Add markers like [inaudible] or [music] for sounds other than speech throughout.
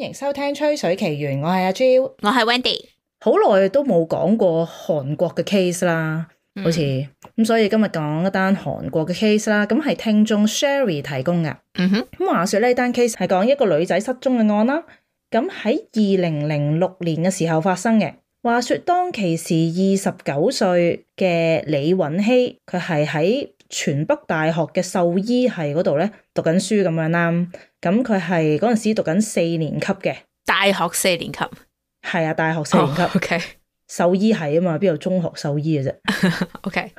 歡迎收聽《吹水奇緣》，我係阿 J，我係 Wendy。好耐都冇講過韓國嘅 case 啦，好似咁，所以今日講一單韓國嘅 case 啦。咁係聽眾 Sherry 提供嘅。嗯哼，咁話說呢單 case 係講一個女仔失蹤嘅案啦。咁喺二零零六年嘅時候發生嘅。話說當其時二十九歲嘅李允熙，佢係喺全北大學嘅獸醫系嗰度咧讀緊書咁樣啦。咁佢係嗰陣時讀緊四年級嘅大學四年級，係啊，大學四年級、oh，OK，獸醫系啊嘛，邊度中學獸醫嘅啫，OK。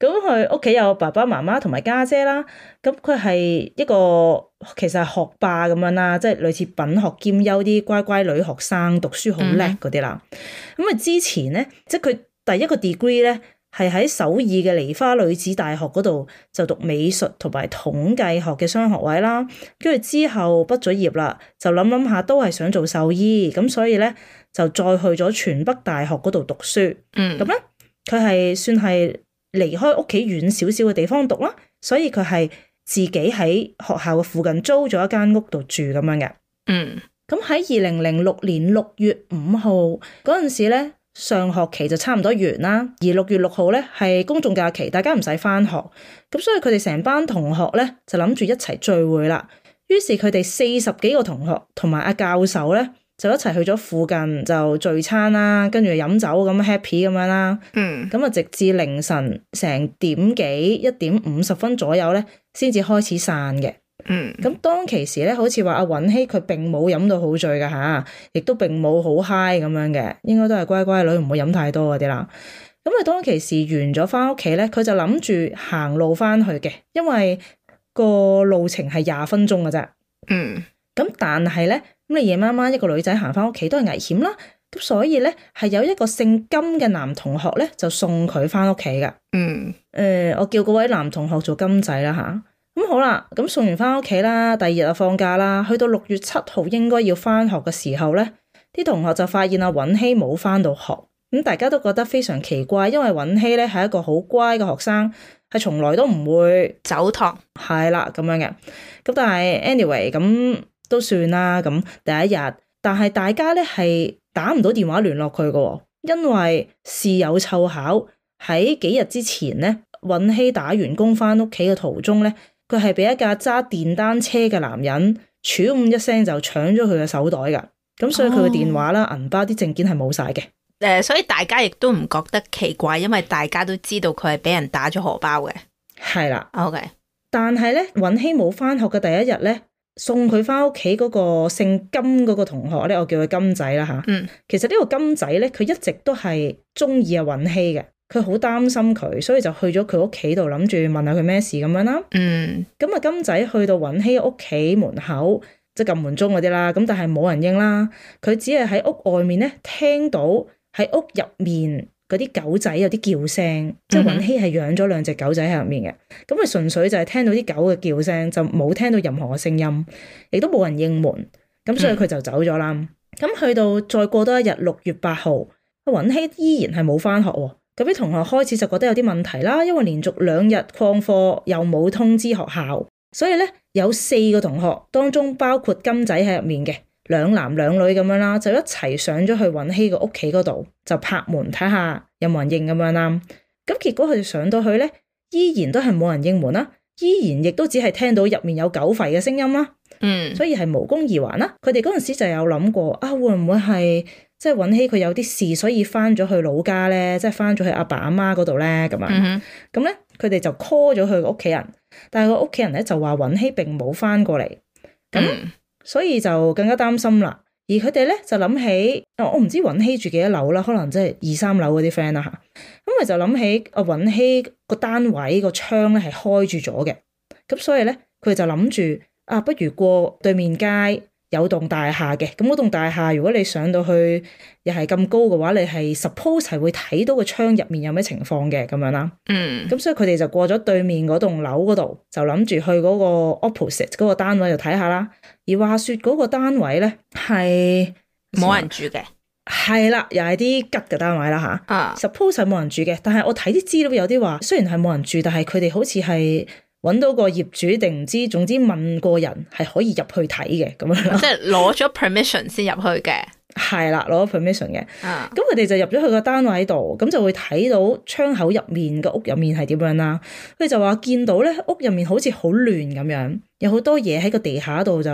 咁佢屋企有爸爸媽媽同埋家姐啦，咁佢係一個其實係學霸咁樣啦，即係類似品學兼優啲乖乖女學生，讀書好叻嗰啲啦。咁啊、mm，hmm. 之前咧，即係佢第一個 degree 咧。係喺首爾嘅梨花女子大學嗰度就讀美術同埋統計學嘅雙學位啦，跟住之後畢咗業啦，就諗諗下都係想做獸醫，咁所以咧就再去咗全北大學嗰度讀書。嗯，咁咧佢係算係離開屋企遠少少嘅地方讀啦，所以佢係自己喺學校嘅附近租咗一間屋度住咁樣嘅。嗯，咁喺二零零六年六月五號嗰陣時咧。上學期就差唔多完啦，而六月六號咧係公眾假期，大家唔使翻學，咁所以佢哋成班同學咧就諗住一齊聚會啦。於是佢哋四十幾個同學同埋阿教授咧就一齊去咗附近就聚餐啦，跟住飲酒咁 happy 咁樣啦。嗯，咁啊直至凌晨成點幾，一點五十分左右咧，先至開始散嘅。嗯，咁當其時咧，好似話阿允希佢並冇飲到好醉噶吓，亦都並冇好嗨 i g 咁樣嘅，應該都係乖乖女，唔會飲太多嗰啲啦。咁佢當其時完咗翻屋企咧，佢就諗住行路翻去嘅，因為個路程係廿分鐘噶啫。嗯，咁但係咧，咁你夜晚晚一個女仔行翻屋企都係危險啦，咁所以咧係有一個姓金嘅男同學咧就送佢翻屋企噶。嗯，誒、嗯，我叫嗰位男同學做金仔啦吓。嗯咁好啦，咁送完翻屋企啦，第二日啊放假啦，去到六月七號應該要翻學嘅時候咧，啲同學就發現阿允熙冇翻到學，咁大家都覺得非常奇怪，因為允熙咧係一個好乖嘅學生，係從來都唔會走堂，係啦咁樣嘅，咁但係 anyway 咁都算啦，咁第一日，但係大家咧係打唔到電話聯絡佢嘅，因為事有湊巧，喺幾日之前咧，允熙打完工翻屋企嘅途中咧。佢係俾一架揸電單車嘅男人，唞咁一聲就搶咗佢嘅手袋噶，咁所以佢嘅電話啦、銀、oh. 包啲證件係冇晒嘅。誒，uh, 所以大家亦都唔覺得奇怪，因為大家都知道佢係俾人打咗荷包嘅。係啦了，OK 但。但係咧，允熙冇翻學嘅第一日咧，送佢翻屋企嗰個姓金嗰個同學咧，我叫佢金仔啦吓。嗯、啊，mm. 其實呢個金仔咧，佢一直都係中意阿允熙嘅。佢好擔心佢，所以就去咗佢屋企度，諗住問下佢咩事咁樣啦。嗯、mm，咁、hmm. 啊金仔去到允熙屋企門口，即係撳門鐘嗰啲啦。咁但係冇人應啦。佢只係喺屋外面咧，聽到喺屋入面嗰啲狗仔有啲叫聲，mm hmm. 即係允熙係養咗兩隻狗仔喺入面嘅。咁佢純粹就係聽到啲狗嘅叫聲，就冇聽到任何嘅聲音，亦都冇人應門。咁所以佢就走咗啦。咁、mm hmm. 去到再過多一日，六月八號，允熙依然係冇翻學喎。嗰啲同學開始就覺得有啲問題啦，因為連續兩日曠課又冇通知學校，所以咧有四個同學當中包括金仔喺入面嘅兩男兩女咁樣啦，就一齊上咗去允熙嘅屋企嗰度，就拍門睇下有冇人應咁樣啦。咁結果佢哋上到去咧，依然都係冇人應門啦、啊，依然亦都只係聽到入面有狗吠嘅聲音啦、啊。嗯，所以係無功而還啦。佢哋嗰陣時就有諗過啊，會唔會係？即係允熙佢有啲事，所以翻咗去老家咧，即係翻咗去阿爸阿媽嗰度咧，咁啊，咁咧佢哋就 call 咗佢屋企人，但係個屋企人咧就話允熙並冇翻過嚟，咁所以就更加擔心啦。而佢哋咧就諗起、哦、我唔知允熙住幾多樓啦，可能即係二三樓嗰啲 friend 啦吓，咁、啊、咪就諗起阿允熙個單位個窗咧係開住咗嘅，咁所以咧佢哋就諗住啊，不如過對面街。有棟大廈嘅，咁嗰棟大廈如果你上到去又係咁高嘅話，你係 suppose 係會睇到個窗入面有咩情況嘅咁樣啦。嗯，咁所以佢哋就過咗對面嗰棟樓嗰度，就諗住去嗰個 opposite 嗰個單位度睇下啦。而話說嗰個單位咧係冇人住嘅，係啦，又係啲吉嘅單位啦吓。啊，suppose 係冇人住嘅，但係我睇啲資料有啲話，雖然係冇人住，但係佢哋好似係。揾到個業主定唔知，總之問過人係可以入去睇嘅咁樣、啊、即係攞咗 permission 先入去嘅，係啦， [laughs] 攞咗 permission 嘅。咁佢哋就入咗去個單位度，咁就會睇到窗口入面個屋入面係點樣啦。佢就話見到咧屋入面好似好亂咁樣，有好多嘢喺個地下度就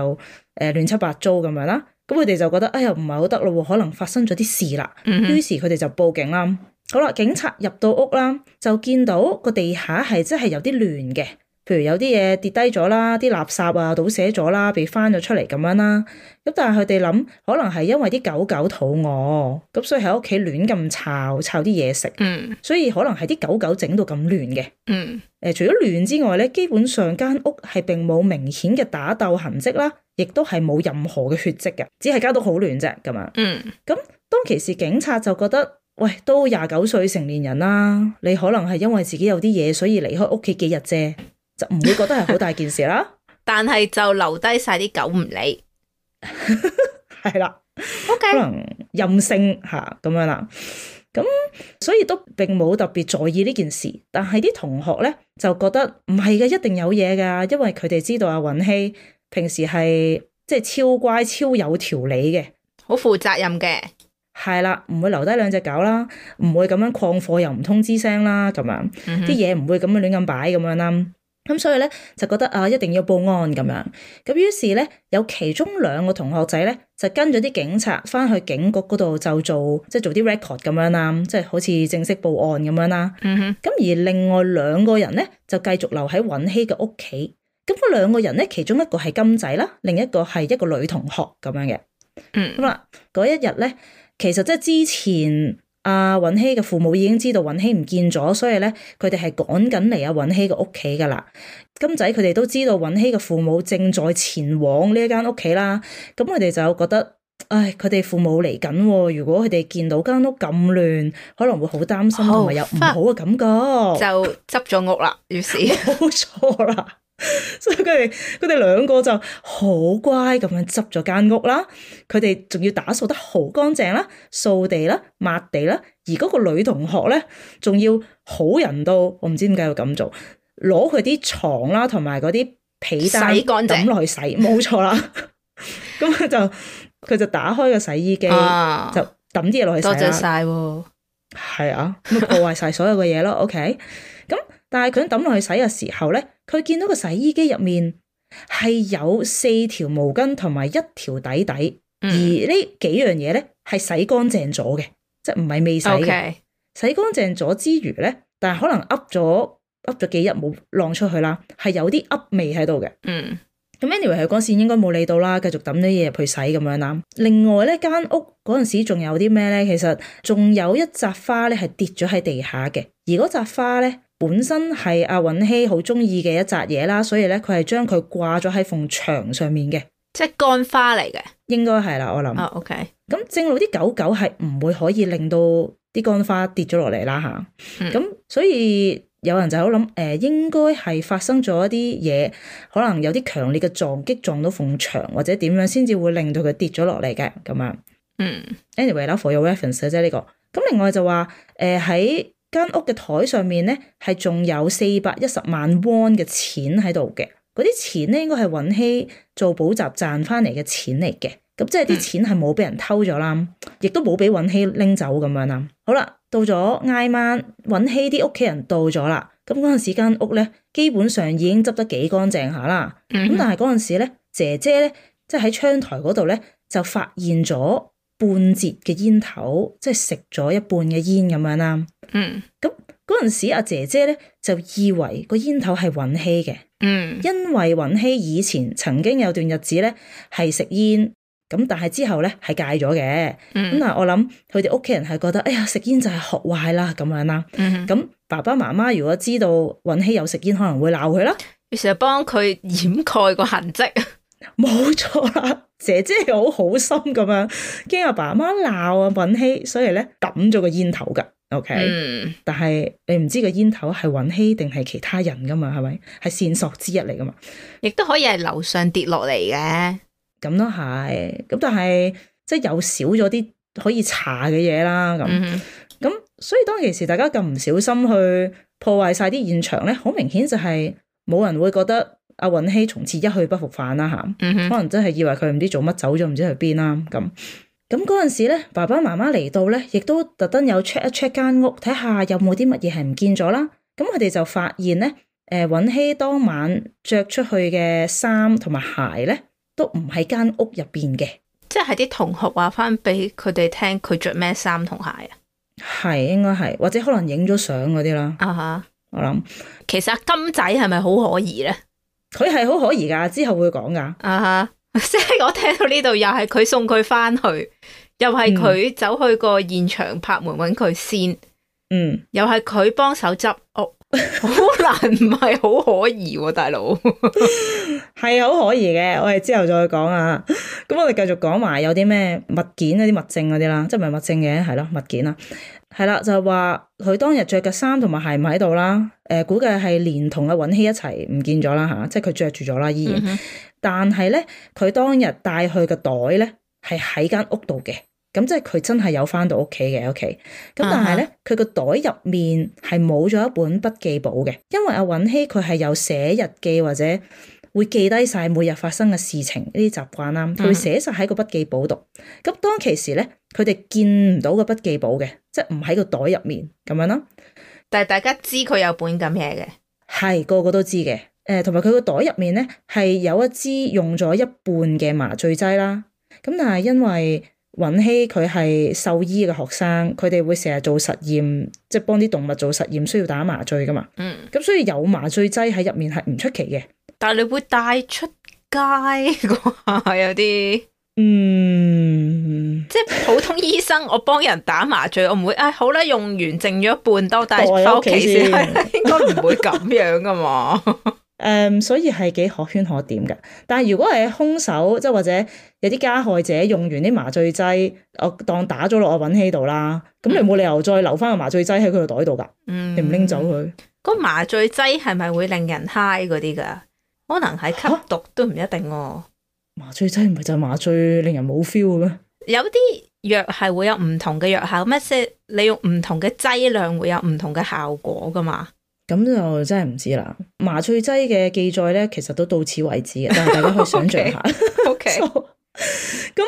誒亂、呃、七八糟咁樣啦。咁佢哋就覺得哎呀，唔係好得咯，可能發生咗啲事啦。嗯、哼於是佢哋就報警啦。好啦，警察入到屋啦，就見到個地下係真係有啲亂嘅。譬如有啲嘢跌低咗啦，啲垃圾啊倒瀉咗啦，被翻咗出嚟咁樣啦。咁但係佢哋諗，可能係因為啲狗狗肚餓，咁所以喺屋企亂咁抄抄啲嘢食。嗯，所以可能係啲狗狗整到咁亂嘅。嗯，誒，除咗亂之外咧，基本上間屋係並冇明顯嘅打鬥痕跡啦，亦都係冇任何嘅血跡嘅，只係搞到好亂啫。咁樣嗯，咁當其時警察就覺得喂，都廿九歲成年人啦，你可能係因為自己有啲嘢，所以離開屋企幾日啫。就唔會覺得係好大件事啦， [laughs] 但係就留低晒啲狗唔理，係啦 [laughs] 的，Okay. 可能任性吓咁樣啦。咁所以都並冇特別在意呢件事，但係啲同學咧就覺得唔係嘅，一定有嘢噶，因為佢哋知道阿允熙平時係即係超乖，超有條理嘅，好負責任嘅，係啦，唔會留低兩隻狗啦，唔會咁樣曠課又唔通知聲啦，咁樣啲嘢唔會咁樣亂咁擺咁樣啦。咁所以咧就覺得啊一定要報案咁樣，咁於是咧有其中兩個同學仔咧就跟咗啲警察翻去警局嗰度就做即係做啲 record 咁樣啦，即係好似正式報案咁樣啦。咁、mm hmm. 而另外兩個人咧就繼續留喺允熙嘅屋企。咁嗰兩個人咧其中一個係金仔啦，另一個係一個女同學咁樣嘅。咁啦、mm，嗰、hmm. 一日咧其實即係之前。阿允、啊、熙嘅父母已經知道允熙唔見咗，所以咧佢哋係趕緊嚟阿允熙嘅屋企噶啦。金仔佢哋都知道允熙嘅父母正在前往呢一間屋企啦，咁佢哋就覺得，唉，佢哋父母嚟緊，如果佢哋見到間屋咁亂，可能會擔、oh, 有有好擔心同埋有唔好嘅感覺， [laughs] 就執咗屋啦，於是冇錯啦。所以佢哋佢哋兩個就好乖咁樣執咗間屋啦，佢哋仲要打掃得好乾淨啦，掃地啦，抹地啦，而嗰個女同學咧，仲要好人到，我唔知點解要咁做，攞佢啲床啦，同埋嗰啲被單洗乾淨，抌落去洗，冇錯啦。咁佢就佢就打開個洗衣機，啊、就抌啲嘢落去洗啦。多謝晒，係啊，破壞晒所有嘅嘢咯。 [laughs] OK，咁但係佢抌落去洗嘅時候咧。佢見到個洗衣機入面係有四條毛巾同埋一條底底，嗯、而呢幾樣嘢咧係洗乾淨咗嘅，即係唔係未洗嘅。Okay. 洗乾淨咗之餘咧，但係可能噏咗噏咗幾日冇晾出去啦，係有啲噏味喺度嘅。嗯，咁 anyway 佢嗰時應該冇理到啦，繼續抌啲嘢入去洗咁樣啦。另外咧，間屋嗰陣時仲有啲咩咧？其實仲有一紮花咧係跌咗喺地下嘅，而嗰扎花咧。本身係阿允熙好中意嘅一紮嘢啦，所以咧佢係將佢掛咗喺埲牆上面嘅，即係乾花嚟嘅，應該係啦，我諗。啊、oh，OK。咁正路啲狗狗係唔會可以令到啲乾花跌咗落嚟啦吓。咁、啊 mm. 所以有人就好諗，誒、呃，應該係發生咗一啲嘢，可能有啲強烈嘅撞擊撞到埲牆或者點樣，先至會令到佢跌咗落嚟嘅。咁啊，嗯。Mm. Anyway 啦，for your reference 啫，呢、這個。咁另外就話，誒、呃、喺。間屋嘅枱上面咧，係仲有四百一十萬彎嘅錢喺度嘅。嗰啲錢咧，應該係允熙做補習賺翻嚟嘅錢嚟嘅。咁即係啲錢係冇俾人偷咗啦，亦都冇俾允熙拎走咁樣啦。好啦，到咗挨晚，允熙啲屋企人到咗啦。咁嗰陣時間屋咧，基本上已經執得幾乾淨下啦。咁、嗯、哼但係嗰陣時咧，姐姐咧即係喺窗台嗰度咧就發現咗半截嘅煙頭，即係食咗一半嘅煙咁樣啦。嗯，咁嗰陣時阿姐姐咧就以為個煙頭係允熙嘅，嗯，因為允熙以前曾經有段日子咧係食煙，咁但係之後咧係戒咗嘅，咁啊、嗯、我諗佢哋屋企人係覺得，哎呀，食煙就係學壞啦咁樣啦，咁、嗯、爸爸媽媽如果知道允熙有食煙，可能會鬧佢啦，佢成日幫佢掩蓋個痕跡，冇錯啦，姐姐係好好心咁樣驚阿爸阿媽鬧啊允熙，所以咧抌咗個煙頭噶。O Okay ? K，、嗯、但係你唔知個煙頭係允熙定係其他人噶嘛？係咪？係線索之一嚟噶嘛？亦都可以係樓上跌落嚟嘅，咁都係。咁但係即係又少咗啲可以查嘅嘢啦。咁咁、嗯哼，所以當其時大家咁唔小心去破壞晒啲現場咧，好明顯就係冇人會覺得阿允熙從此一去不復返啦。吓、啊，嗯、哼可能真係以為佢唔知做乜走咗，唔知去邊啦。咁。咁嗰陣時咧，爸爸媽媽嚟到咧，亦都特登有 check 一 check 間屋，睇下有冇啲乜嘢係唔見咗啦。咁佢哋就發現咧，誒、呃，允熙當晚着出去嘅衫同埋鞋咧，都唔喺間屋入邊嘅。即係啲同學話翻俾佢哋聽，佢着咩衫同鞋啊？係，應該係，或者可能影咗相嗰啲啦。啊哈、uh，huh. 我諗，其實金仔係咪好可疑咧？佢係好可疑噶，之後會講噶。啊哈、uh。Huh. 即係我聽到呢度又係佢送佢翻去，又係佢走去個現場拍門揾佢先，嗯，又係佢幫手執屋，好難唔係好可疑，大佬係好可疑嘅，我哋之後再講、呃、啊。咁我哋繼續講埋有啲咩物件嗰啲物證嗰啲啦，即係唔係物證嘅係咯物件啦，係啦就係話佢當日着嘅衫同埋鞋唔喺度啦，誒估計係連同阿允熙一齊唔見咗啦吓，即係佢着住咗啦依然、嗯。但係咧，佢當日帶去嘅袋咧係喺間屋度嘅，咁即係佢真係有翻到屋企嘅屋企。咁、OK? 但係咧，佢個、uh huh. 袋入面係冇咗一本筆記簿嘅，因為阿允熙佢係有寫日記或者會記低晒每日發生嘅事情呢啲習慣啦，佢會寫晒喺個筆記簿度。咁、uh huh. 當其時咧，佢哋見唔到個筆記簿嘅，即係唔喺個袋入面咁樣咯。但係大家知佢有本咁嘢嘅，係個個都知嘅。誒同埋佢個袋入面咧係有一支用咗一半嘅麻醉劑啦，咁但係因為允熙佢係獸醫嘅學生，佢哋會成日做實驗，即係幫啲動物做實驗需要打麻醉噶嘛。嗯，咁所以有麻醉劑喺入面係唔出奇嘅。但係你會帶出街啩？ [laughs] 有啲些嗯，即係普通醫生， [laughs] 我幫人打麻醉，我唔會啊、哎、好啦，用完剩咗一半多，帶翻屋企先， [laughs] 應該唔會咁樣噶嘛。 [laughs] 誒，um, 所以係幾可圈可點嘅。但係如果係凶手，即係或者有啲加害者用完啲麻醉劑，我當打咗落我揾氣度啦，咁你冇理由再留翻個麻醉劑喺佢個袋度噶？嗯，你唔拎走佢？個麻醉劑係咪會令人 high 嗰啲噶？可能係吸毒都唔一定哦、啊啊。麻醉劑唔係就係麻醉，令人冇 feel 嘅咩？有啲藥係會有唔同嘅藥效，咩意思？你用唔同嘅劑量會有唔同嘅效果噶嘛？咁就真係唔知啦。麻醉劑嘅記載咧，其實都到此為止嘅，但係大家可以想象下。 [laughs] OK。 [laughs] 咁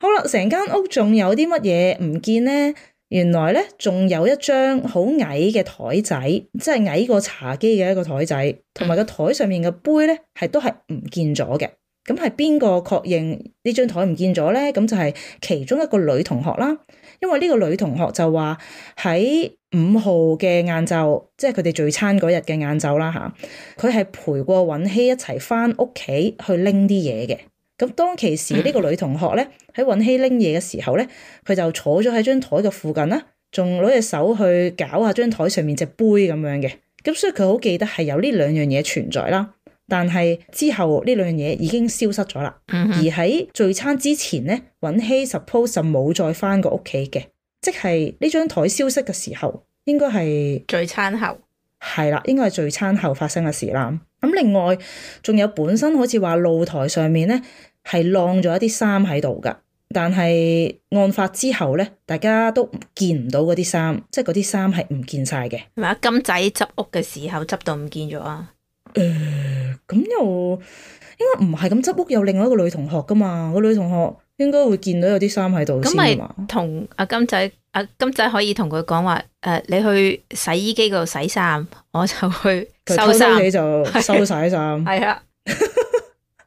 好啦，成間屋仲有啲乜嘢唔見咧？原來咧，仲有一張好矮嘅台仔，即係矮過茶几嘅一個台仔，同埋個台上面嘅杯咧，係都係唔見咗嘅。咁係邊個確認呢張台唔見咗咧？咁就係其中一個女同學啦。因為呢個女同學就話喺五號嘅晏晝，即係佢哋聚餐嗰日嘅晏晝啦嚇，佢係陪過允熙一齊翻屋企去拎啲嘢嘅。咁當其時呢個女同學咧，喺允熙拎嘢嘅時候咧，佢就坐咗喺張台嘅附近啦，仲攞隻手去搞下張台上面隻杯咁樣嘅。咁所以佢好記得係有呢兩樣嘢存在啦。但係之後呢兩樣嘢已經消失咗啦。Uh huh. 而喺聚餐之前咧，允熙 suppose 冇再翻過屋企嘅。即係呢張台消失嘅時候，應該係聚餐後，係啦，應該係聚餐後發生嘅事啦。咁另外仲有本身好似話露台上面咧係晾咗一啲衫喺度噶，但係案發之後咧，大家都見唔到嗰啲衫，即係嗰啲衫係唔見晒嘅。係咪啊？金仔執屋嘅時候執到唔見咗啊？誒、呃，咁又應該唔係咁執屋，有另外一個女同學噶嘛？個女同學。應該會見到有啲衫喺度先嘛。同阿金仔，阿金仔可以同佢講話誒，你去洗衣機嗰度洗衫，我就去收衫，偷偷你就收曬衫。係啊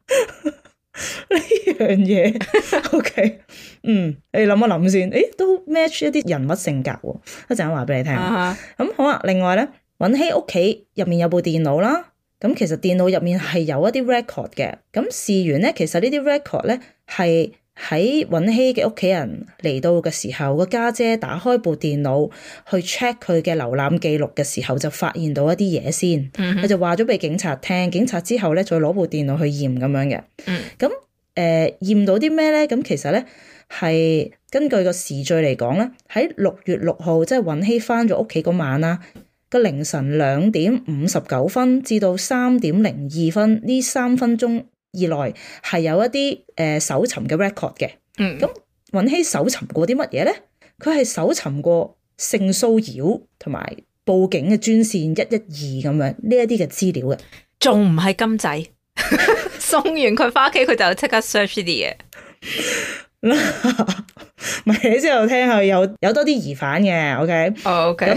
的，呢樣嘢 OK，嗯，你諗一諗先，誒都 match 一啲人物性格喎。一陣間話俾你聽。咁、uh huh. 好啊。另外咧，允熙屋企入面有部電腦啦，咁其實電腦入面係有一啲 record 嘅。咁試完咧，其實呢啲 record 咧係。喺允熙嘅屋企人嚟到嘅時候，個家姐打開部電腦去 check 佢嘅瀏覽記錄嘅時候，就發現到一啲嘢先，佢、mm hmm. 就話咗俾警察聽，警察之後咧再攞部電腦去驗咁樣嘅。咁誒、mm，驗、hmm. 呃、到啲咩咧？咁其實咧係根據個時序嚟講咧，喺六月六號即係允熙翻咗屋企嗰晚啦，個凌晨兩點五十九分至到三點零二分呢三分鐘。二來係有一啲誒、呃、搜尋嘅 record 嘅，咁允熙搜尋過啲乜嘢咧？佢係搜尋過性騷擾同埋報警嘅專線一一二咁樣呢一啲嘅資料嘅，仲唔係金仔 [laughs] [laughs] 送完佢翻屋企，佢就即刻 search 啲嘢啦。咪你之後聽下，有有多啲疑犯嘅，OK，OK，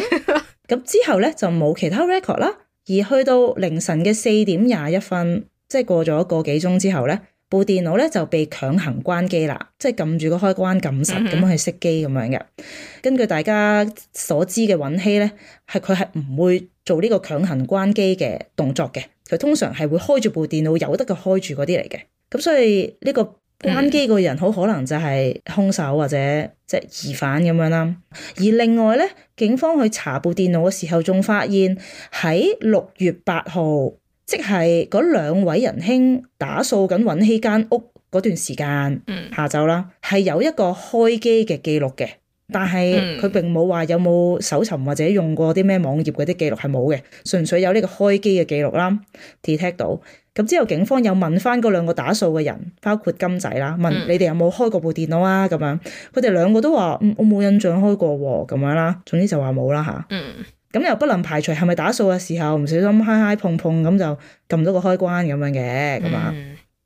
咁之後咧就冇其他 record 啦。而去到凌晨嘅四點廿一分。即係過咗個幾鐘之後咧，部電腦咧就被強行關機啦，即係撳住個開關撳實咁樣去熄機咁樣嘅。根據大家所知嘅允熙咧，係佢係唔會做呢個強行關機嘅動作嘅，佢通常係會開住部電腦由得佢開住嗰啲嚟嘅。咁所以呢個關機個人好可能就係兇手或者即係疑犯咁樣啦。而另外咧，警方去查部電腦嘅時候，仲發現喺六月八號。即係嗰兩位仁兄打掃緊允熙間屋嗰段時間，下晝啦，係有一個開機嘅記錄嘅，但係佢並冇話有冇搜尋或者用過啲咩網頁嗰啲記錄係冇嘅，純粹有呢個開機嘅記錄啦，detect 到。咁之後警方又問翻嗰兩個打掃嘅人，包括金仔啦，問你哋有冇開過部電腦啊？咁樣，佢哋兩個都話：嗯，我冇印象開過喎，啊，咁樣啦。總之就話冇啦吓。啊嗯咁又不能排除係咪打掃嘅時候唔小心嗨嗨、嗯、碰碰咁就撳咗個開關咁樣嘅咁啊？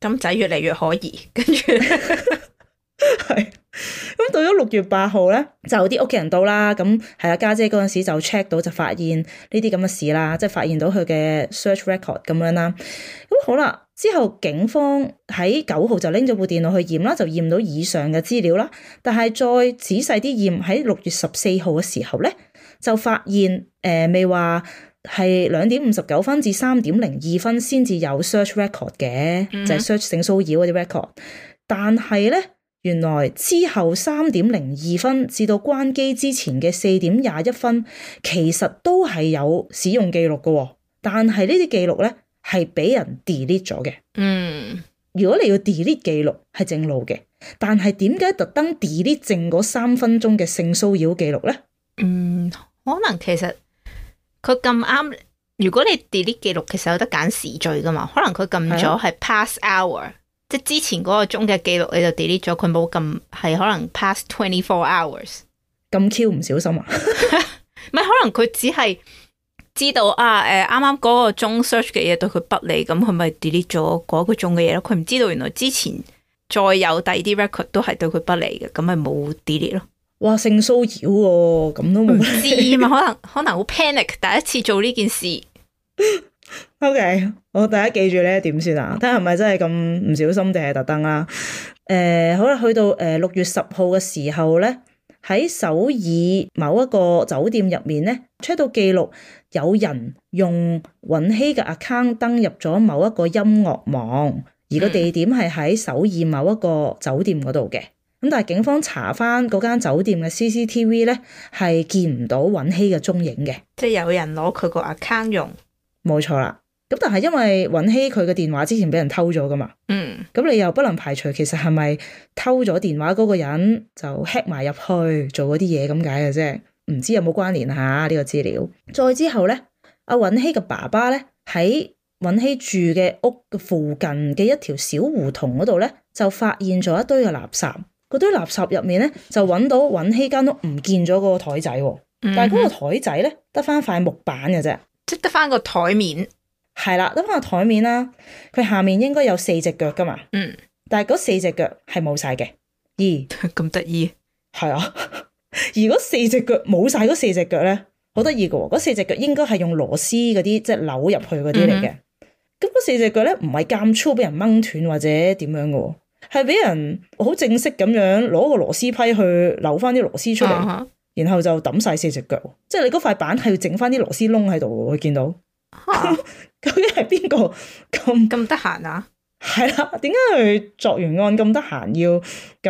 金仔、嗯、越嚟越可疑，跟住係咁到咗六月八號咧，就啲屋企人到啦。咁係啊，家姐嗰陣時就 check 到就發現呢啲咁嘅事啦，即、就、係、是、發現到佢嘅 search record 咁樣啦。咁、嗯、好啦，之後警方喺九號就拎咗部電腦去驗啦，就驗到以上嘅資料啦。但係再仔細啲驗喺六月十四號嘅時候咧。就發現誒、呃、未話係兩點五十九分至三點零二分先至有 search record 嘅，mm hmm. 就係 search 性騷擾嗰啲 record。但係咧，原來之後三點零二分至到關機之前嘅四點廿一分，其實都係有使用記錄嘅、哦。但係呢啲記錄咧係俾人 delete 咗嘅。嗯、mm，hmm. 如果你要 delete 記錄係正路嘅，但係點解特登 delete 剩嗰三分鐘嘅性騷擾記錄咧？嗯、mm。Hmm. 可能其實佢咁啱，如果你 delete 記錄，其實有得揀時序噶嘛？可能佢撳咗係 past hour，的即係之前嗰個鐘嘅記錄，你就 delete 咗。佢冇撳係可能 past twenty four hours，咁 Q 唔小心啊？咪 [laughs] 可能佢只係知道啊？誒、呃，啱啱嗰個鐘 search 嘅嘢對佢不利，咁佢咪 delete 咗嗰個鐘嘅嘢咯？佢唔知道原來之前再有第二啲 record 都係對佢不利嘅，咁咪冇 delete 咯。哇！性騷擾喎、哦，咁都冇事嘛？可能可能好 panic，第一次做呢件事。 [laughs] o、okay, K，我第一記住咧點先啊？睇下係咪真係咁唔小心定係特登啊？誒、欸，好啦，去到誒六月十號嘅時候咧，喺首爾某一個酒店入面咧，check 到記錄有人用允熙嘅 account 登入咗某一個音樂網，而個地點係喺首爾某一個酒店嗰度嘅。嗯。咁但係警方查翻嗰間酒店嘅 CCTV 咧，係見唔到允熙嘅蹤影嘅，即係有人攞佢個 account 用，冇錯啦。咁但係因為允熙佢嘅電話之前俾人偷咗噶嘛，嗯，咁你又不能排除其實係咪偷咗電話嗰個人就 hack 埋入去做嗰啲嘢咁解嘅啫，唔知有冇關聯下呢個資料。再之後咧，阿允熙嘅爸爸咧喺允熙住嘅屋嘅附近嘅一條小胡同嗰度咧，就發現咗一堆嘅垃圾。嗰堆垃圾入面咧，就揾到允熙間屋唔見咗嗰個台仔喎。但係嗰個台仔咧，得翻塊木板嘅啫，即係得翻個台面。係啦，得翻個台面啦。佢下面應該有四隻腳噶嘛。嗯。但係嗰四隻腳係冇晒嘅。咦，咁得意，係啊。而嗰四隻腳冇晒嗰四隻腳咧，好得意嘅喎。嗰四隻腳應該係用螺絲嗰啲，即係扭入去嗰啲嚟嘅。咁嗰、嗯、四隻腳咧，唔係咁粗俾人掹斷或者點樣嘅喎。係俾人好正式咁樣攞個螺絲批去扭翻啲螺絲出嚟，uh huh. 然後就抌晒四隻腳。即係你嗰塊板係要整翻啲螺絲窿喺度，會見到。Huh? [laughs] 究竟係邊個咁咁得閒啊？係啦，點解佢作完案咁得閒要咁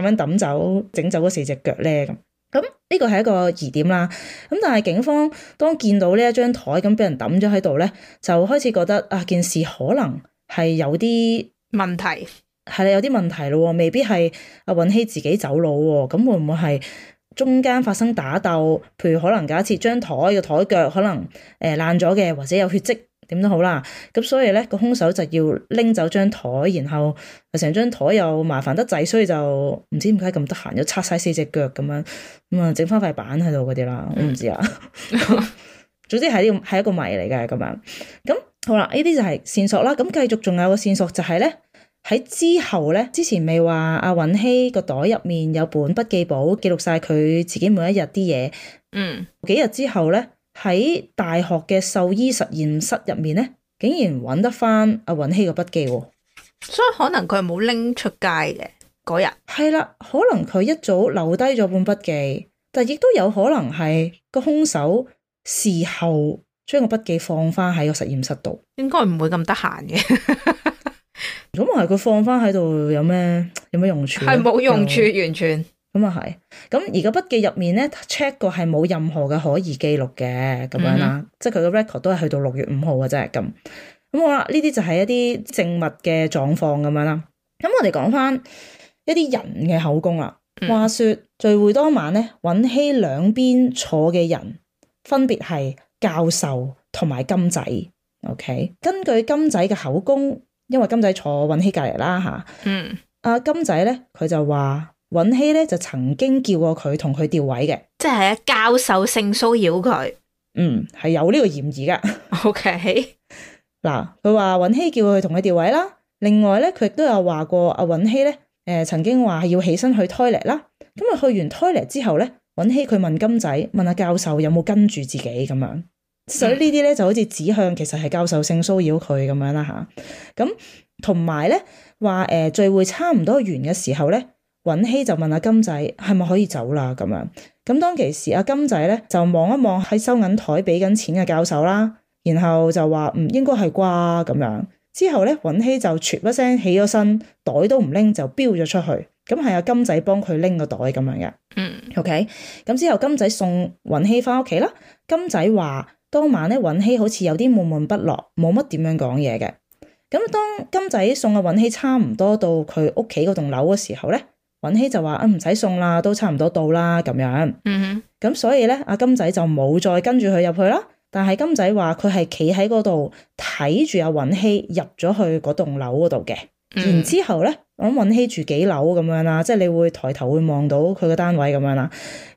樣抌走、整走嗰四隻腳咧？咁咁呢個係一個疑點啦。咁但係警方當見到呢一張台咁俾人抌咗喺度咧，就開始覺得啊，啊件事可能係有啲問題。 [laughs] [laughs] 係啦，有啲問題咯，未必係阿允熙自己走佬喎，咁會唔會係中間發生打鬥？譬如可能假設張台個台腳可能誒爛咗嘅，或者有血跡，點都好啦。咁所以咧個兇手就要拎走張台，然後成張台又麻煩得滯，所以就唔知點解咁得閒，又拆曬四隻腳咁樣咁啊，整翻塊板喺度嗰啲啦，我唔知啊。 [laughs] [laughs] 總之係呢個係一個謎嚟嘅咁樣。咁好啦，呢啲就係線索啦。咁繼續仲有個線索就係咧。喺之後咧，之前未話阿允熙個袋入面有本筆記簿記錄晒佢自己每一日啲嘢。嗯，幾日之後咧，喺大學嘅獸醫實驗室入面咧，竟然揾得翻阿允熙個筆記。所以可能佢係冇拎出街嘅嗰日。係啦，可能佢一早留低咗本筆記，但亦都有可能係個凶手事後將個筆記放翻喺個實驗室度。應該唔會咁得閒嘅。咁咪係佢放翻喺度有咩有咩用，用處？係冇用處，完全。咁啊係，咁而個筆記入面咧 check 過係冇任何嘅可疑記錄嘅咁樣啦，嗯、即係佢嘅 record 都係去到六月五號嘅啫。咁咁好啦，呢啲就係一啲證物嘅狀況咁樣啦。咁我哋講翻一啲人嘅口供啦。嗯、話說聚會當晚咧，允熙兩邊坐嘅人分別係教授同埋金仔。OK，根據金仔嘅口供。因為金仔坐允熙隔籬啦吓，嗯，阿金仔咧佢就話允熙咧就曾經叫過佢同佢調位嘅，即係阿教授性騷擾佢，嗯係有呢個嫌疑噶。OK，嗱佢話允熙叫佢去同佢調位啦，另外咧佢亦都有話過阿允熙咧，誒、呃、曾經話係要起身去トイレ啦，咁啊去完トイレ之後咧，允熙佢問金仔問阿教授有冇跟住自己咁樣。嗯、所以呢啲咧就好似指向其實係教授性騷擾佢咁樣啦吓，咁同埋咧話誒聚會差唔多完嘅時候咧，允熙就問阿金仔係咪可以走啦咁樣，咁當其時阿金仔咧就望一望喺收銀台俾緊錢嘅教授啦，然後就話唔、嗯、應該係啩咁樣，之後咧允熙就啜一聲起咗身，袋都唔拎就飆咗出去，咁係阿金仔幫佢拎個袋咁樣嘅，嗯，OK，咁之後金仔送允熙返屋企啦，金仔話。當晚咧，允熙好似有啲悶悶不樂，冇乜點樣講嘢嘅。咁當金仔送阿允熙差唔多到佢屋企嗰棟樓嘅時候咧，允熙就話：啊，唔使送啦，都差唔多到啦。咁樣，咁、mm hmm. 所以咧，阿金仔就冇再跟住佢入去啦。但係金仔話佢係企喺嗰度睇住阿允熙入咗去嗰棟樓嗰度嘅。然之後咧，嗯、我諗允熙住幾樓咁樣啦，即係你會抬頭會望到佢嘅單位咁樣啦。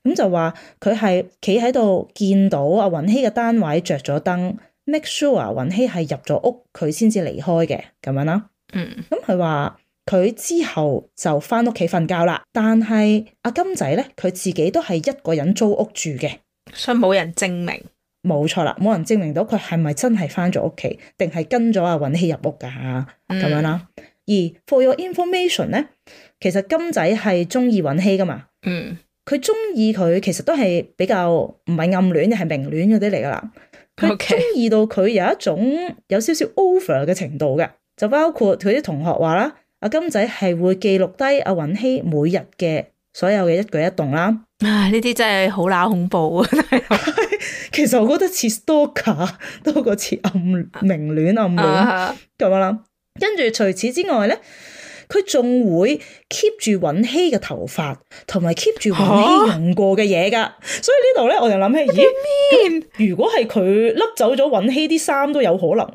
咁就話佢係企喺度見到阿允熙嘅單位着咗燈，make sure 允熙係入咗屋，佢先至離開嘅咁樣啦。嗯，咁佢話佢之後就翻屋企瞓覺啦。但係阿金仔咧，佢自己都係一個人租屋住嘅，所以冇人證明。冇錯啦，冇人證明到佢係咪真係翻咗屋企，定係跟咗阿允熙入屋㗎咁樣啦。嗯而 for your information 咧，其實金仔係中意允熙噶嘛。嗯，佢中意佢其實都係比較唔係暗戀，係明戀嗰啲嚟噶啦。佢中意到佢有一種有少少 over 嘅程度嘅，Okay. 就包括佢啲同學話啦，阿金仔係會記錄低阿允熙每日嘅所有嘅一舉一動啦。啊，呢啲真係好撚恐怖啊！ [laughs] [laughs] 其實我覺得似 stalker 多過似暗明戀暗戀咁、uh huh. 樣啦。跟住除此之外咧，佢仲會 keep 住允熙嘅頭髮，同埋 keep 住允熙用過嘅嘢噶。蛤所以呢度咧，我就諗起，咦？如果係佢笠走咗允熙啲衫都有可能，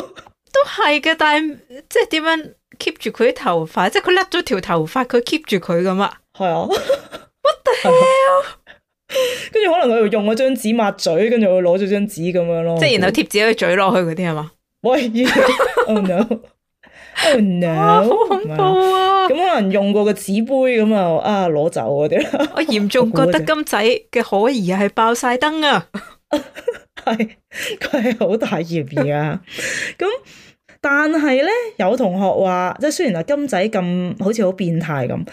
[laughs] 都係嘅。但係即係點樣 keep 住佢啲頭髮？即係佢笠咗條頭髮，佢 keep 住佢咁啊？係啊。What the hell？跟住可能佢用咗張紙抹嘴，跟住佢攞咗張紙咁樣咯。即係然後貼自己嘅嘴落去嗰啲係嘛？喂， [laughs] [laughs] oh no. Oh no, 啊、好恐怖啊！咁可能用過個紙杯咁啊，啊攞走嗰啲啦。 [laughs] 我嚴重覺得金仔嘅可疑係爆晒燈啊！係佢係好大嫌疑啊！咁 [laughs] 但係咧，有同學話，即係雖然阿金仔咁好似好變態咁，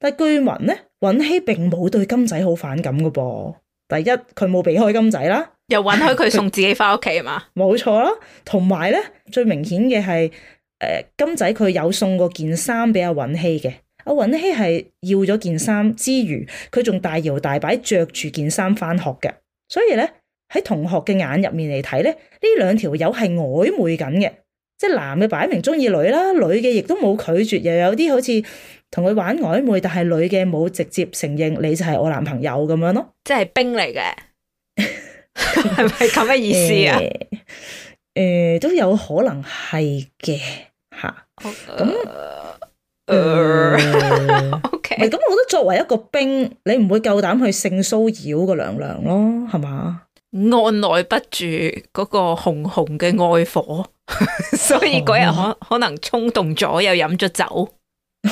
但係居民咧，允熙並冇對金仔好反感噶噃。第一，佢冇避開金仔啦，又允許佢送自己翻屋企嘛？冇錯啦。同埋咧，最明顯嘅係。誒，金仔佢有送過件衫俾阿允熙嘅，阿允熙係要咗件衫之餘，佢仲大搖大擺着住件衫翻學嘅，所以咧喺同學嘅眼入面嚟睇咧，呢兩條友係曖昧緊嘅，即係男嘅擺明中意女啦，女嘅亦都冇拒絕，又有啲好似同佢玩曖昧，但係女嘅冇直接承認，你就係我男朋友咁樣咯，即係兵嚟嘅，係咪咁嘅意思啊？ [laughs] 嗯誒、呃，都有可能係嘅吓，咁 OK。咁，我覺得作為一個兵，你唔會夠膽去性騷擾個娘娘咯，係嘛？按耐不住嗰個紅紅嘅愛火， [laughs] 所以嗰日可可能衝動咗，又飲咗酒，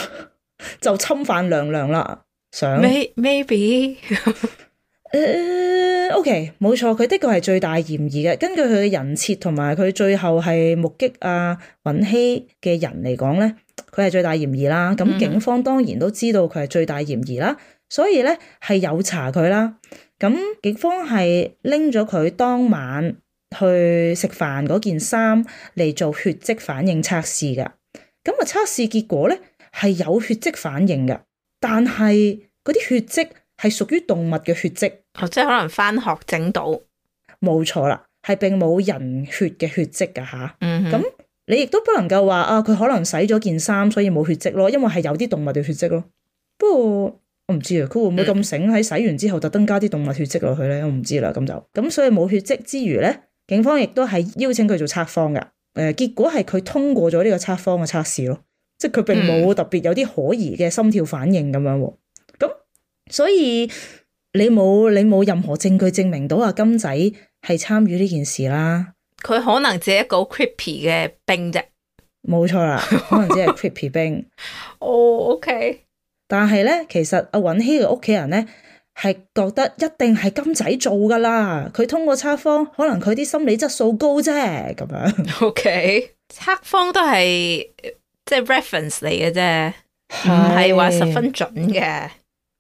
[laughs] 就侵犯娘娘啦。想 May, maybe。 [laughs] Uh, OK, 冇錯，佢的確係最大嫌疑嘅。根據佢嘅人設同埋佢最後係目擊啊允熙嘅人嚟講咧，佢係最大嫌疑啦。咁警方當然都知道佢係最大嫌疑啦，所以咧係有查佢啦。咁警方係拎咗佢當晚去食飯嗰件衫嚟做血跡反應測試嘅。咁啊，測試結果咧係有血跡反應嘅，但係嗰啲血跡，係屬於動物嘅血跡，哦，即係可能翻學整到，冇錯啦，係並冇人血嘅血跡噶吓。咁、啊 mm hmm. 你亦都不能夠話啊，佢可能洗咗件衫，所以冇血跡咯，因為係有啲動物嘅血跡咯。不過我唔知啊，佢會唔會咁醒喺洗完之後特登加啲動物血跡落去咧？我唔知啦，咁就咁，所以冇血跡之餘咧，警方亦都係邀請佢做測謊噶，誒、呃，結果係佢通過咗呢個測謊嘅測試咯，即係佢並冇特別有啲可疑嘅心跳反應咁樣。Mm hmm. 所以你冇你冇任何證據證明到阿金仔係參與呢件事啦。佢可能只係一個 creepy 嘅兵啫，冇錯 [laughs] 啦，可能只係 creepy 兵。哦、 [laughs] oh，OK。但係咧，其實阿允熙嘅屋企人咧係覺得一定係金仔做噶啦。佢通過測謊，可能佢啲心理質素高啫，咁樣。OK，測謊都係即係 reference 嚟嘅啫，唔係話十分準嘅。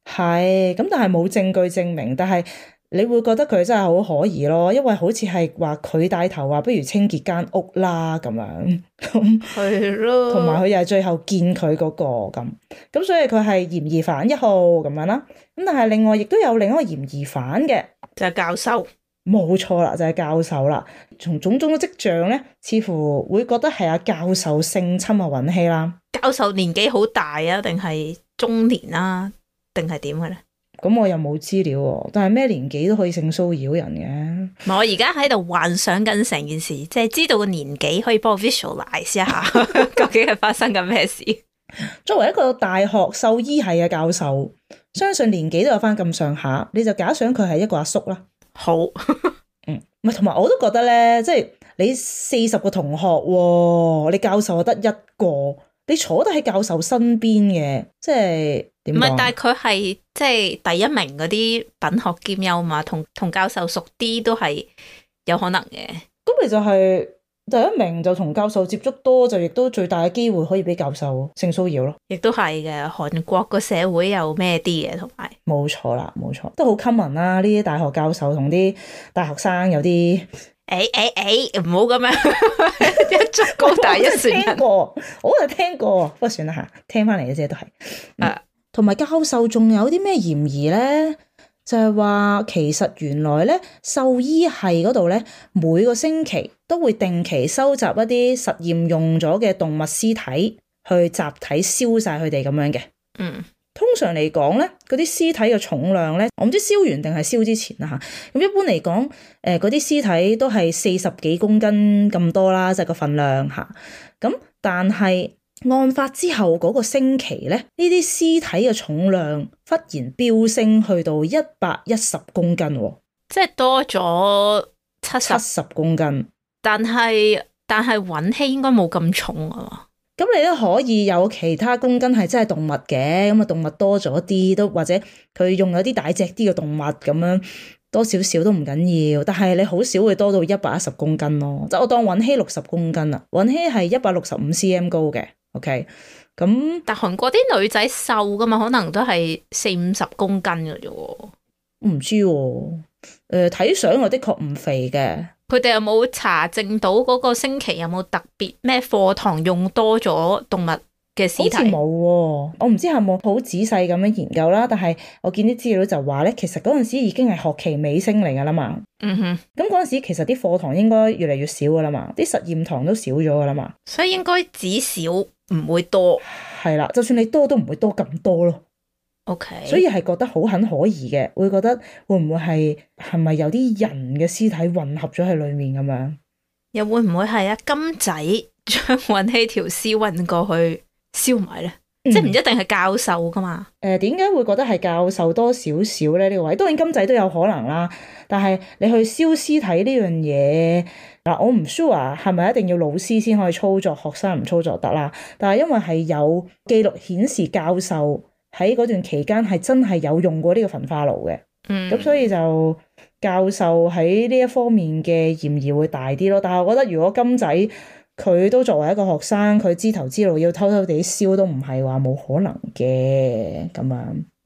係咁，但係冇證據證明。但係你會覺得佢真係好可疑咯，因為好似係話佢帶頭話，不如清潔間屋啦咁樣。係咯，同埋佢又係最後見佢嗰個咁，咁所以佢係嫌疑犯一號咁樣啦。咁但係另外亦都有另一個嫌疑犯嘅，就係教授。冇錯啦，就係教授啦。從種種嘅跡象咧，似乎會覺得係阿教授性侵阿允熙啦。教授年紀好大啊，定係中年啦？定係點嘅咧？咁我又冇資料喎，但係咩年紀都可以性騷擾人嘅。 [laughs] 我而家喺度幻想緊成件事，即係知道個年紀可以幫我 visualize 一下， [laughs] 究竟係發生緊咩事？作為一個大學獸醫系嘅教授，相信年紀都有翻咁上下，你就假想佢係一個阿叔啦。好， [laughs] 嗯，係，同埋我都覺得咧，即係你四十個同學，你教授得一個。你坐得喺教授身邊嘅，即係點？唔係，但係佢係即係第一名嗰啲品學兼優嘛，同同教授熟啲都係有可能嘅。咁咪就係，是，第一名就同教授接觸多，就亦都最大嘅機會可以俾教授性騷擾咯。亦都係嘅，韓國個社會有咩啲嘢同埋冇錯啦，冇錯，都好 common 啦。呢啲大學教授同啲大學生有啲。誒誒誒，唔好咁樣 [laughs] ，一竹篙打一船。 [laughs] 過，我就聽過，不過算啦，吓，聽翻嚟啫都係。啊、嗯、同埋、uh, 教授仲有啲咩嫌疑咧？就係、是、話其實原來咧，獸醫係嗰度咧，每個星期都會定期收集一啲實驗用咗嘅動物屍體，去集體燒晒佢哋咁樣嘅。嗯。Uh, 通常嚟講咧，嗰啲屍體嘅重量咧，我唔知燒完定係燒之前啦吓。咁一般嚟講，誒嗰啲屍體都係四十幾公斤咁多啦，即係個份量吓。咁但係案發之後嗰個星期咧，呢啲屍體嘅重量忽然飆升去到一百一十公斤，即係多咗七七十公斤。但係但係允熙應該冇咁重啊。咁你都可以有其他公斤係真係動物嘅，咁啊動物多咗啲都或者佢用咗啲大隻啲嘅動物咁樣多少少都唔緊要，但係你好少會多到一百一十公斤咯，即係我當允熙六十公斤啦，允熙係一百六十五 cm 高嘅，OK，咁但係韓國啲女仔瘦噶嘛，可能都係四五十公斤嘅啫喎，唔知喎，呃，睇相我的確唔肥嘅。佢哋有冇查證到嗰個星期有冇特別咩課堂用多咗動物嘅屍體？好似冇喎，我唔知係冇好仔細咁樣研究啦。但係我見啲資料就話咧，其實嗰陣時已經係學期尾聲嚟噶啦嘛。嗯哼，咁嗰陣時其實啲課堂應該越嚟越少噶啦嘛，啲實驗堂都少咗噶啦嘛，所以應該只少唔會多。係啦，就算你多都唔會多咁多咯。OK，所以係覺得好很可疑嘅，會覺得會唔會係係咪有啲人嘅屍體混合咗喺裏面咁樣？又會唔會係啊金仔將運氣條屍運過去燒埋咧？嗯、即係唔一定係教授噶嘛？誒、呃，點解會覺得係教授多少少咧？呢個位當然金仔都有可能啦，但係你去燒屍體呢樣嘢嗱，我唔 sure 係咪一定要老師先可以操作，學生唔操作得啦。但係因為係有記錄顯示教授。喺嗰段期間係真係有用過呢個焚化爐嘅，咁、嗯、所以就教授喺呢一方面嘅嫌疑會大啲咯。但係我覺得如果金仔佢都作為一個學生，佢知頭知路，要偷偷哋燒都唔係話冇可能嘅咁樣。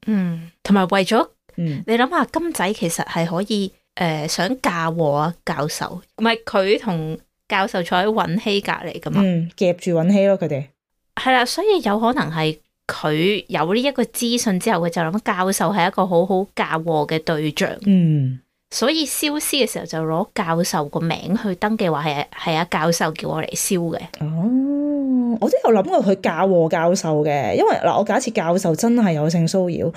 嗯，同埋為咗、嗯、你諗下，金仔其實係可以誒、呃、想嫁禍啊教授，唔係佢同教授坐喺允熙隔離㗎嘛？嗯，夾住允熙咯佢哋。係啦，所以有可能係。佢有呢一個資訊之後，佢就諗教授係一個好好嫁禍嘅對象。嗯，所以消屍嘅時候就攞教授個名去登記話係係阿教授叫我嚟燒嘅。哦，我都有諗過佢嫁禍教授嘅，因為嗱，我假設教授真係有性騷擾，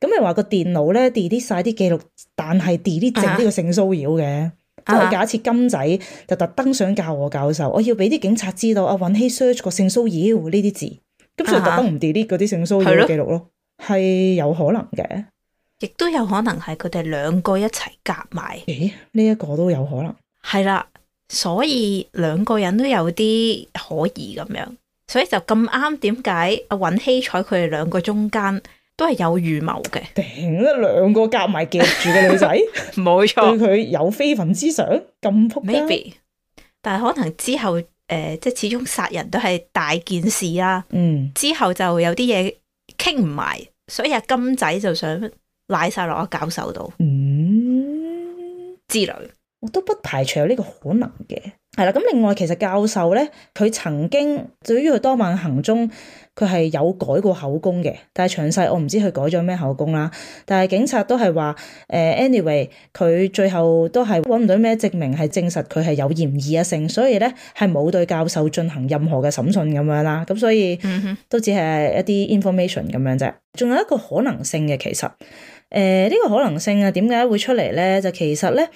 咁你話個電腦咧 delete 晒啲記錄，但係 delete 淨呢個性騷擾嘅，即係、啊、假設金仔就特登想嫁禍教授，啊、哈我要俾啲警察知道阿允熙 search 個性騷擾呢啲字。咁、嗯啊、哈就特登唔 delete 嗰啲性騷擾記錄咯，係的有可能嘅，亦都有可能係佢哋兩個一齊夾埋，呢一、欸這個都有可能，係啦，所以兩個人都有啲可疑咁樣，所以就咁啱點解阿允熙彩佢哋兩個中間都係有預謀嘅，頂啦、呃、兩個夾埋夾住嘅女仔，冇 [laughs] 錯，對佢有非分之想，咁、啊、maybe，但係可能之後。誒、呃，即係始終殺人都係大件事啦、啊。嗯、之後就有啲嘢傾唔埋，所以阿金仔就想賴晒落阿教授度，嗯，之類。我都不排除有呢個可能嘅。係啦，咁另外其實教授咧，佢曾經對於佢當晚行蹤。佢係有改過口供嘅，但係詳細我唔知佢改咗咩口供啦。但係警察都係話，誒、呃，anyway，佢最後都係揾唔到咩證明係證實佢係有嫌疑啊性，所以咧係冇對教授進行任何嘅審訊咁樣啦。咁所以都只係一啲 information 咁樣啫。仲有一個可能性嘅，其實，誒、呃、呢個可能性啊，點解會出嚟咧？就其實咧。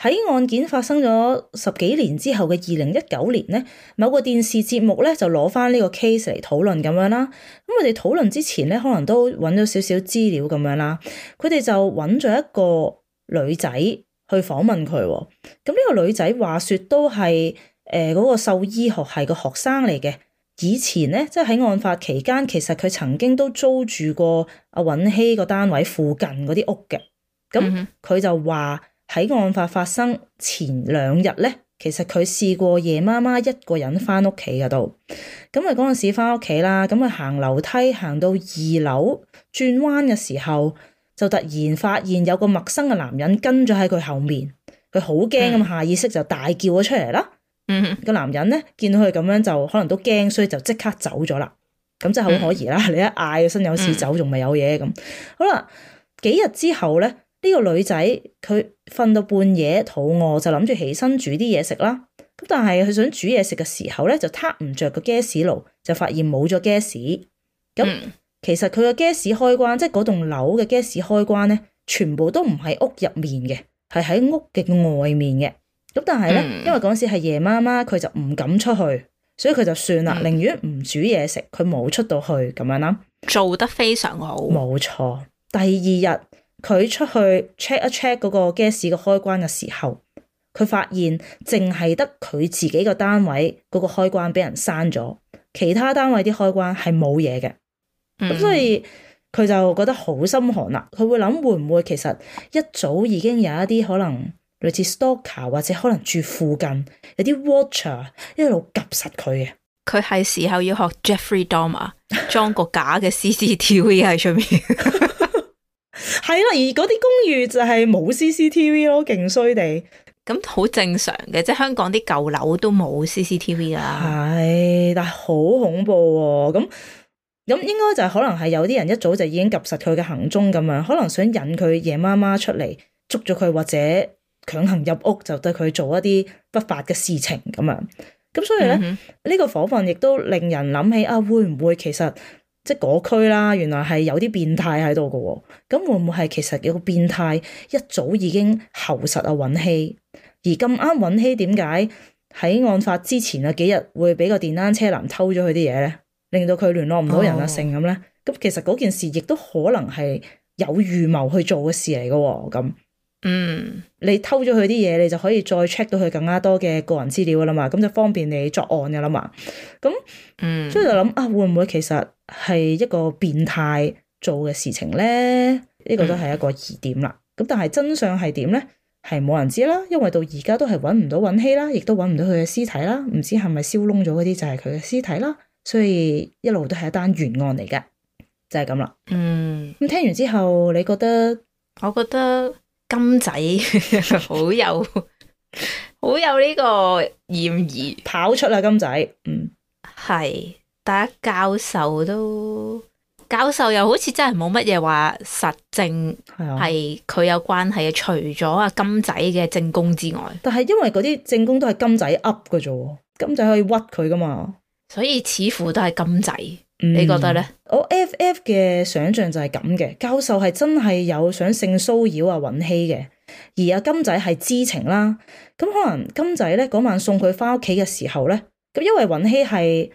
喺案件發生咗十幾年之後嘅二零一九年咧，某個電視節目咧就攞翻呢個 case 嚟討論咁樣啦。咁我哋討論之前咧，可能都揾咗少少資料咁樣啦。佢哋就揾咗一個女仔去訪問佢。咁呢個女仔話説都係誒嗰個獸醫學系個學生嚟嘅。以前咧，即喺案發期間，其實佢曾經都租住過阿允熙個單位附近嗰啲屋嘅。咁佢就話。喺案發發生前兩日咧，其實佢試過夜媽媽一個人翻屋企嗰度，咁啊嗰陣時翻屋企啦，咁啊行樓梯行到二樓轉彎嘅時候，就突然發現有個陌生嘅男人跟咗喺佢後面，佢好驚咁下意識就大叫咗出嚟啦。嗯哼，個男人咧見到佢咁樣就可能都驚，所以就即刻走咗啦。咁真係好可疑啦！嗯、你一嗌個身有事走，仲未有嘢咁。好啦，幾日之後咧。呢個女仔佢瞓到半夜肚餓就諗住起身煮啲嘢食啦，咁但係佢想煮嘢食嘅時候咧就撻唔着個 gas 爐，就發現冇咗 gas。咁、嗯、其實佢個 gas 開關即係嗰棟樓嘅 gas 開關咧，全部都唔喺屋入面嘅，係喺屋嘅外面嘅。咁但係咧，嗯、因為嗰時係夜媽媽，佢就唔敢出去，所以佢就算啦，寧願唔煮嘢食，佢冇出到去咁樣啦。做得非常好，冇錯。第二日。佢出去 check 一 check 嗰個 gas 嘅開關嘅時候，佢發現淨係得佢自己嘅單位嗰個開關俾人閂咗，其他單位啲開關係冇嘢嘅。咁、嗯、所以佢就覺得好心寒啦。佢會諗會唔會其實一早已經有一啲可能類似 stalker 或者可能住附近有啲 watcher 一路夾實佢嘅。佢係時候要學 Jeffrey Dahmer 裝個假嘅 CCTV 喺出面。 [laughs] 係啦，而嗰啲公寓就係冇 CCTV 咯，勁衰地。咁好正常嘅，即係香港啲舊樓都冇 CCTV 噶啦。係，但係好恐怖喎、哦。咁咁應該就係可能係有啲人一早就已經 𥄫 實佢嘅行蹤咁樣，可能想引佢夜媽媽出嚟捉咗佢，或者強行入屋就對佢做一啲不法嘅事情咁樣。咁所以咧，呢、嗯、哼個火患亦都令人諗起啊，會唔會其實？即係嗰區啦，原來係有啲變態喺度嘅喎，咁會唔會係其實有個變態一早已經喉實啊允熙，而咁啱允熙點解喺案發之前啊幾日會俾個電單車男偷咗佢啲嘢咧，令到佢聯絡唔到人啊成咁咧？咁、哦、其實嗰件事亦都可能係有預謀去做嘅事嚟嘅喎，咁。嗯，你偷咗佢啲嘢，你就可以再 check 到佢更加多嘅個人資料噶啦嘛，咁就方便你作案噶啦嘛，咁，嗯，所以就諗啊，會唔會其實係一個變態做嘅事情咧？呢、這個都係一個疑點啦。咁、嗯、但係真相係點咧？係冇人知啦，因為到而家都係揾唔到允熙啦，亦都揾唔到佢嘅屍體啦。唔知係咪燒窿咗嗰啲就係佢嘅屍體啦？所以一路都係一單懸案嚟嘅，就係咁啦。嗯，咁聽完之後你覺得？我覺得。金仔 [laughs] 好有 [laughs] 好有呢個嫌疑，跑出啦金仔。嗯，係。但係教授都教授又好似真係冇乜嘢話實證係佢有關係嘅，除咗啊金仔嘅正宮之外，但係因為嗰啲正宮都係金仔 up 嘅啫，金仔可以屈佢噶嘛，所以似乎都係金仔。你覺得咧、嗯？我 FF 嘅想象就係咁嘅，教授係真係有想性騷擾阿允熙嘅，而阿金仔係知情啦。咁可能金仔咧，嗰晚送佢返屋企嘅時候咧，咁因為允熙係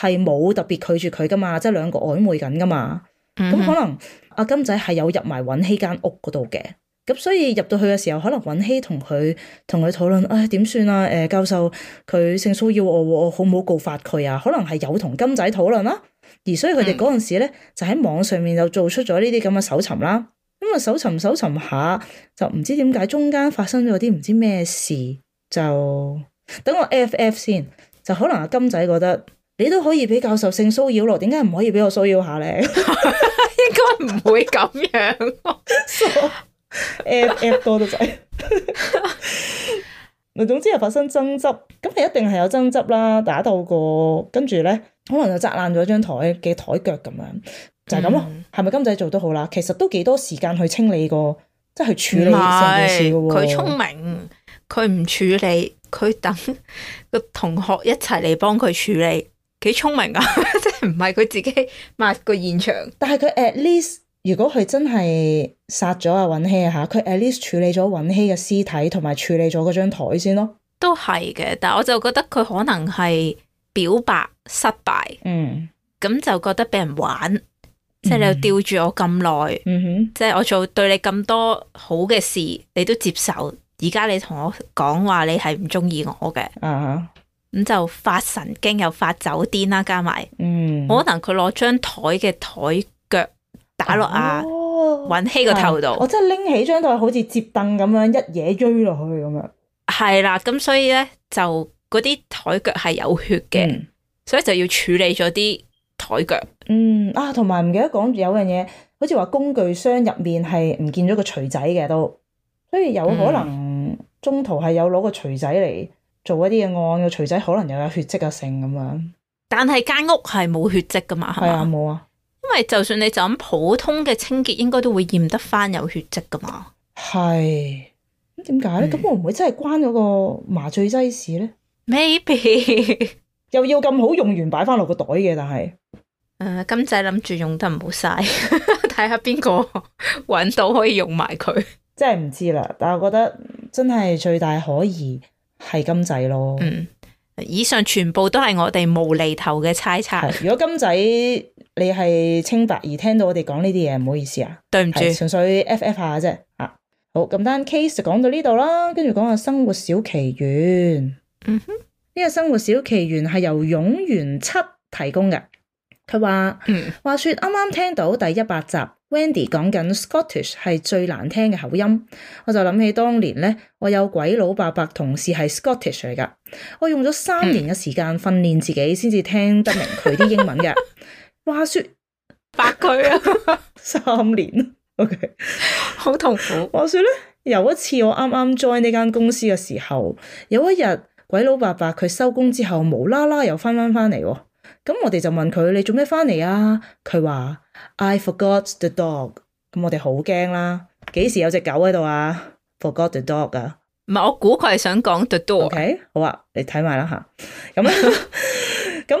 係冇特別拒絕佢噶嘛，即係兩個曖昧緊噶嘛，咁、嗯、哼可能阿金仔係有入埋允熙間屋嗰度嘅。咁所以入到去嘅時候，可能允熙同佢同佢討論，誒點算啊？誒教授佢性騷擾我，我好唔好告發佢啊？可能係有同金仔討論啦，而所以佢哋嗰陣時咧、嗯、就喺網上面就做出咗呢啲咁嘅搜尋啦。咁、嗯、啊搜尋搜尋下，就唔知點解中間發生咗啲唔知咩事，就等我 F F 先。就可能阿金仔覺得你都可以俾教授性騷擾咯，點解唔可以俾我騷擾下咧？ [laughs] [laughs] 應該唔會咁樣。 [laughs] a p 多得滯，嗱， [laughs] [laughs] [laughs] 總之係發生爭執，咁係一定係有爭執啦，打到個，跟住咧，可能就砸爛咗張台嘅台腳咁樣，就係咁咯。係咪、嗯、金仔做都好啦，其實都幾多時間去清理個，即係去處理。曬事。佢聰明，佢唔處理，佢等個同學一齊嚟幫佢處理，幾聰明㗎！即係唔係佢自己抹個現場，但係佢 at least。如果佢真係殺咗阿允熙，啊吓，佢 at least 處理咗允熙嘅屍體，同埋處理咗嗰張台先咯。都係嘅，但係我就覺得佢可能係表白失敗，嗯，咁就覺得俾人玩，嗯、即係你又吊住我咁耐，嗯哼，即係我做對你咁多好嘅事，你都接受，而家你同我講話你係唔中意我嘅，嗯、啊哈，咁就發神經又發酒癲啦，加埋，嗯，可能佢攞張台嘅台。打落啊！允熙個頭度、啊，我真係拎起張台，好似摺凳咁樣，一嘢追落去咁樣。係啦，咁所以咧，就嗰啲台腳係有血嘅，嗯、所以就要處理咗啲台腳。嗯啊，同埋唔記得講住有樣嘢，好似話工具箱入面係唔見咗個錘仔嘅都，所以有可能中途係有攞個錘仔嚟做一啲嘅案，個錘仔可能又有血迹啊成咁樣。但係間屋係冇血迹噶嘛？係啊，冇啊。因為就算你就咁普通嘅清潔，應該都會驗得翻有血跡噶嘛。係咁點解咧？咁會唔會真係關咗個麻醉劑事咧？Maybe 又要咁好用完擺翻落個袋嘅，但係誒、呃、金仔諗住用得唔好晒，睇下邊個搵到可以用埋佢。真係唔知啦，但係我覺得真係最大可疑係金仔咯。嗯，以上全部都係我哋無厘頭嘅猜測。如果金仔，你係清白而聽到我哋講呢啲嘢，唔好意思啊，對唔住，純粹 F F 下啫。啊，好，咁單 case 就講到呢度啦，跟住講下生活小奇緣。呢、嗯、哼個生活小奇緣係由勇元七提供嘅。佢話、嗯、話說啱啱聽到第一百集、嗯、Wendy 講緊 Scottish 係最難聽嘅口音，我就諗起當年咧，我有鬼佬伯伯同事係 Scottish 嚟噶，我用咗三年嘅時間訓練自己，先至聽得明佢啲英文嘅。 [laughs] 話說八句啊， [laughs] 三年，OK， [laughs] 好痛苦。話說咧，有一次我啱啱 join 呢間公司嘅時候，有一日鬼佬伯伯佢收工之後，無啦啦又翻翻翻嚟，咁、嗯、我哋就問佢：你做咩翻嚟啊？佢話：I forgot the dog。咁、嗯、我哋好驚啦，幾時有隻狗喺度啊？Forgot the dog 啊？唔係、嗯，我估佢係想講 the door。OK，好啊，你睇埋啦吓。咁，咁。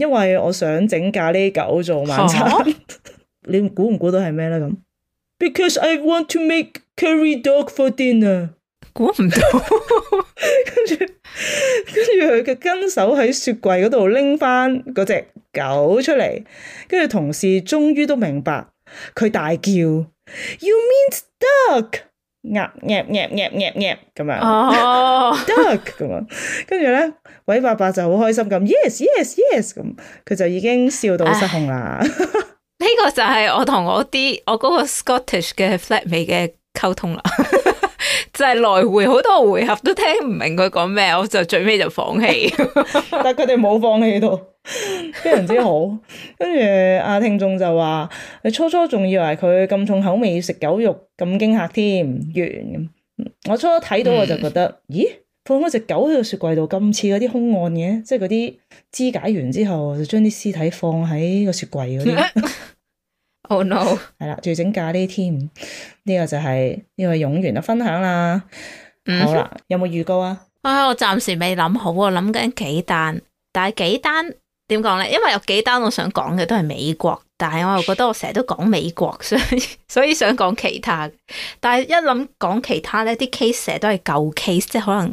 因為我想整咖喱狗做晚餐，你估唔估到係咩咧咁？Because I want to make curry dog for dinner。估唔到，跟住跟住佢嘅跟手喺雪櫃嗰度拎翻嗰隻狗出嚟，跟住同事終於都明白，佢大叫：You mean duck？鴨鴨鴨鴨鴨鴨咁樣，duck 咁樣，跟住咧，偉伯,伯伯就好開心咁，yes yes yes 咁，佢就已經笑到失控啦唉。呢 [laughs] 個就係我同我啲我嗰個 Scottish 嘅 flatmate 嘅溝通啦。 [laughs] 就係來回好多回合都聽唔明佢講咩，我就最尾就放棄。 [laughs] 但佢哋冇放棄到，非常之好。跟住阿聽眾就話：你初初仲以為佢咁重口味要食狗肉咁驚嚇添完咁。我初初睇到我就覺得，嗯、咦？放嗰隻狗喺個雪櫃度咁似嗰啲兇案嘅，即係嗰啲肢解完之後就將啲屍體放喺個雪櫃嗰啲。嗯 [laughs] 好，no 係啦，再整、oh, no. 咖喱添，呢、這個就係、是、呢、這個用完啦，分享啦，mm hmm. 好啦，有冇預告啊？啊、哎，我暫時未諗好，諗緊幾單，但係幾單點講咧？因為有幾單我想講嘅都係美國，但係我又覺得我成日都講美國，所以所以想講其，其他，但係一諗講其他咧，啲 case 成日都係舊 case，即係可能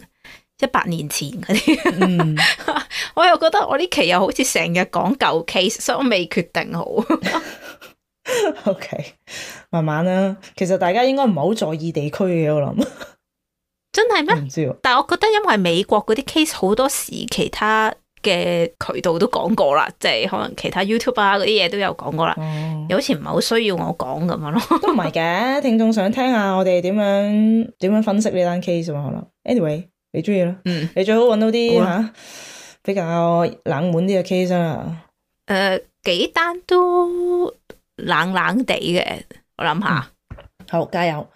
一百年前嗰啲，mm. [laughs] 我又覺得我呢期又好似成日講舊 case，所以我未決定好。 [laughs] O、okay, K，慢慢啦。其實大家應該唔係好在意地區嘅，我諗。真係咩？唔知。但係我覺得，因為美國嗰啲 case 好多時，其他嘅渠道都講過啦，即、就、係、是、可能其他 YouTube 啊嗰啲嘢都有講過啦。嗯、又好似唔係好需要我講咁樣咯。都唔係嘅，聽眾想聽下我哋點樣點樣分析呢單 case 嘛可能。 [laughs] anyway，你中意咯。嗯，你最好搵到啲吓、嗯、比較冷門啲嘅 case 啊。誒、呃，幾單都。冷冷地嘅，我諗下、啊，好加油，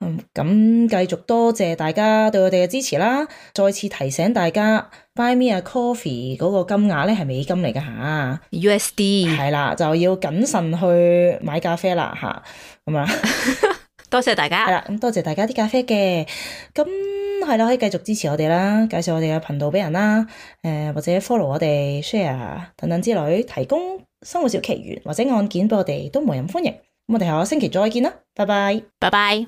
嗯，咁繼續多謝大家對我哋嘅支持啦。再次提醒大家，Buy me a coffee 嗰個金額咧係美金嚟㗎吓，USD 係啦，就要謹慎去買咖啡啦吓，咁、嗯、啊， [laughs] 多謝大家係啦，咁多謝大家啲咖啡嘅，咁係啦，可以繼續支持我哋啦，介紹我哋嘅頻道俾人啦，誒、呃、或者 follow 我哋 share 等等之類，提供。生活小奇懸或者案件畀我哋都無任歡迎。咁我哋下個星期再見啦，拜拜，拜拜。